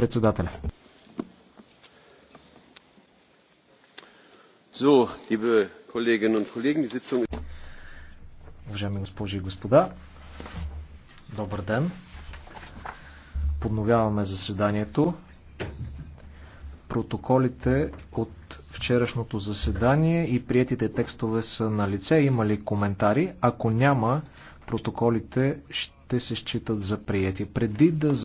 Председателя. So, liebe Kolleginnen und Kollegen, die Sitzung... Уважаеми госпожи и господа, добър ден. Подновяваме заседанието. Протоколите от вчерашното заседание и приетите текстове са на лице. Има ли коментари? Ако няма, протоколите ще се считат за приети. Преди да